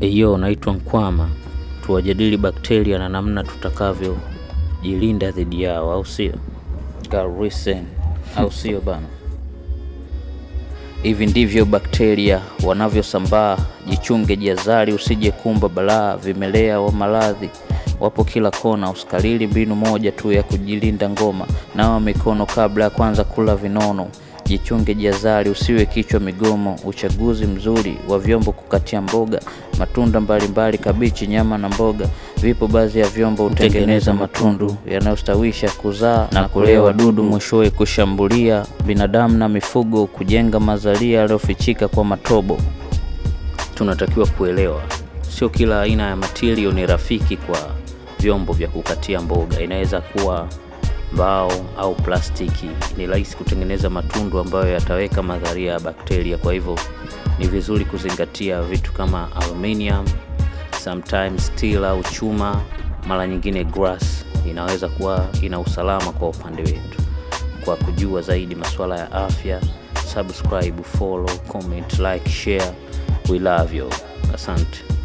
Eyo, eh, naitwa Nkwama. Tuwajadili bakteria na namna tutakavyojilinda dhidi yao, au sio? Karisen, au sio bana? Hivi ndivyo bakteria wanavyosambaa. Jichunge jiazari usije kumba balaa. Vimelea wa maradhi wapo kila kona. Usikalili mbinu moja tu ya kujilinda ngoma. Nawa mikono kabla ya kwanza kula vinono jichunge jazari, usiwe kichwa migomo. Uchaguzi mzuri wa vyombo kukatia mboga, matunda mbalimbali kabichi, nyama na mboga. Vipo baadhi ya vyombo hutengeneza matundu yanayostawisha kuzaa na kulea wadudu, mwishowe kushambulia binadamu na mifugo, kujenga mazalia yaliyofichika kwa matobo. Tunatakiwa kuelewa sio kila aina ya matirio ni rafiki kwa vyombo vya kukatia mboga. Inaweza kuwa mbao au plastiki, ni rahisi kutengeneza matundu ambayo yataweka madharia ya bakteria. Kwa hivyo ni vizuri kuzingatia vitu kama aluminium, sometimes steel au chuma, mara nyingine glass inaweza kuwa ina usalama kwa upande wetu. Kwa kujua zaidi masuala ya afya, subscribe, follow, comment, like, share. We love you. Asante.